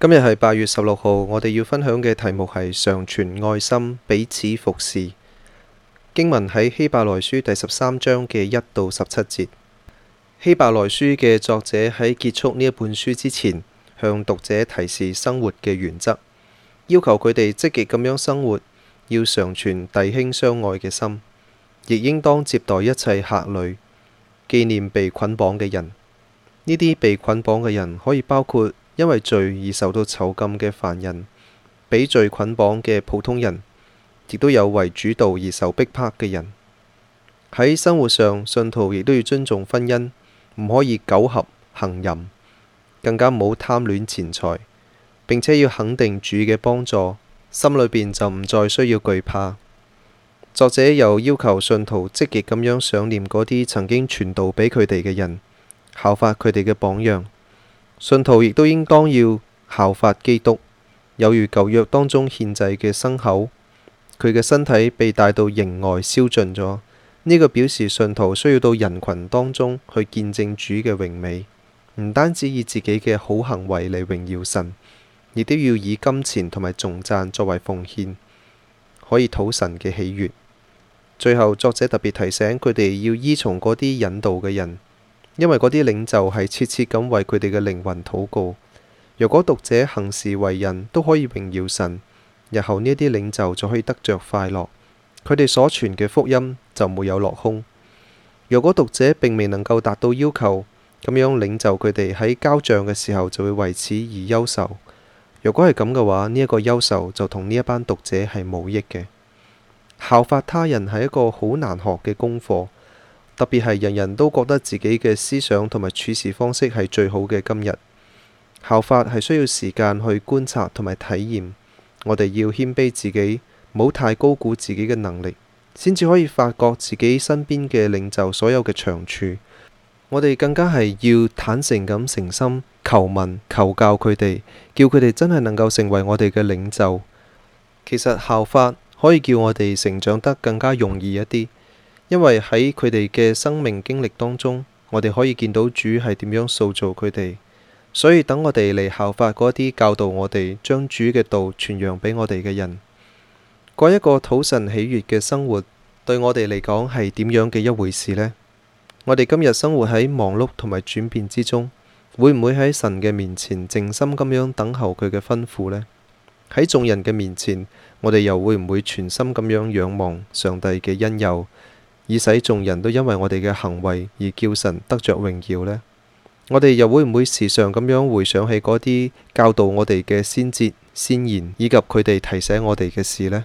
今日係八月十六號，我哋要分享嘅題目係常存愛心彼此服事。經文喺希伯來書第十三章嘅一到十七節。希伯來書嘅作者喺結束呢一本書之前，向讀者提示生活嘅原則，要求佢哋積極咁樣生活，要常存弟兄相愛嘅心，亦應當接待一切客旅，紀念被捆綁嘅人。呢啲被捆綁嘅人可以包括，因為罪而受到囚禁嘅犯人，被罪捆綁嘅普通人，亦都有為主道而受逼迫嘅人。喺生活上，信徒亦都要尊重婚姻，唔可以苟合行淫，更加冇貪戀錢財。並且要肯定主嘅幫助，心裏邊就唔再需要懼怕。作者又要求信徒積極咁樣想念嗰啲曾經傳道俾佢哋嘅人，效法佢哋嘅榜樣。信徒亦都應當要效法基督，有如舊約當中獻祭嘅牲口，佢嘅身體被帶到營外燒盡咗。呢、這個表示信徒需要到人群當中去見證主嘅榮美，唔單止以自己嘅好行為嚟榮耀神，亦都要以金錢同埋頌讚作為奉獻，可以討神嘅喜悅。最後，作者特別提醒佢哋要依從嗰啲引導嘅人。因為嗰啲領袖係切切咁為佢哋嘅靈魂禱告。若果讀者行事為人，都可以榮耀神，日後呢啲領袖就可以得着快樂。佢哋所傳嘅福音就沒有落空。若果讀者並未能夠達到要求，咁樣領袖佢哋喺交帳嘅時候就會為此而憂愁。若果係咁嘅話，呢一個憂愁就同呢一班讀者係冇益嘅。效法他人係一個好難學嘅功課。特別係人人都覺得自己嘅思想同埋處事方式係最好嘅今日，效法係需要時間去觀察同埋體驗。我哋要謙卑自己，冇太高估自己嘅能力，先至可以發覺自己身邊嘅領袖所有嘅長處。我哋更加係要坦誠咁誠心求問求教佢哋，叫佢哋真係能夠成為我哋嘅領袖。其實效法可以叫我哋成長得更加容易一啲。因為喺佢哋嘅生命經歷當中，我哋可以見到主係點樣塑造佢哋，所以等我哋嚟效法嗰啲教導我哋將主嘅道傳揚俾我哋嘅人，過、這、一個討神喜悅嘅生活，對我哋嚟講係點樣嘅一回事呢？我哋今日生活喺忙碌同埋轉變之中，會唔會喺神嘅面前靜心咁樣等候佢嘅吩咐呢？喺眾人嘅面前，我哋又會唔會全心咁樣仰望上帝嘅恩佑？以使眾人都因為我哋嘅行為而叫神得着榮耀呢？我哋又會唔會時常咁樣回想起嗰啲教導我哋嘅先哲、先賢，以及佢哋提醒我哋嘅事呢？